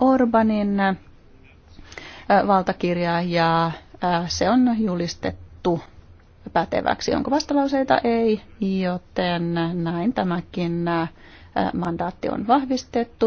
Orbanin äh, valtakirja ja äh, se on julistettu päteväksi. Onko vastalauseita? Ei, joten näin tämäkin äh, mandaatti on vahvistettu.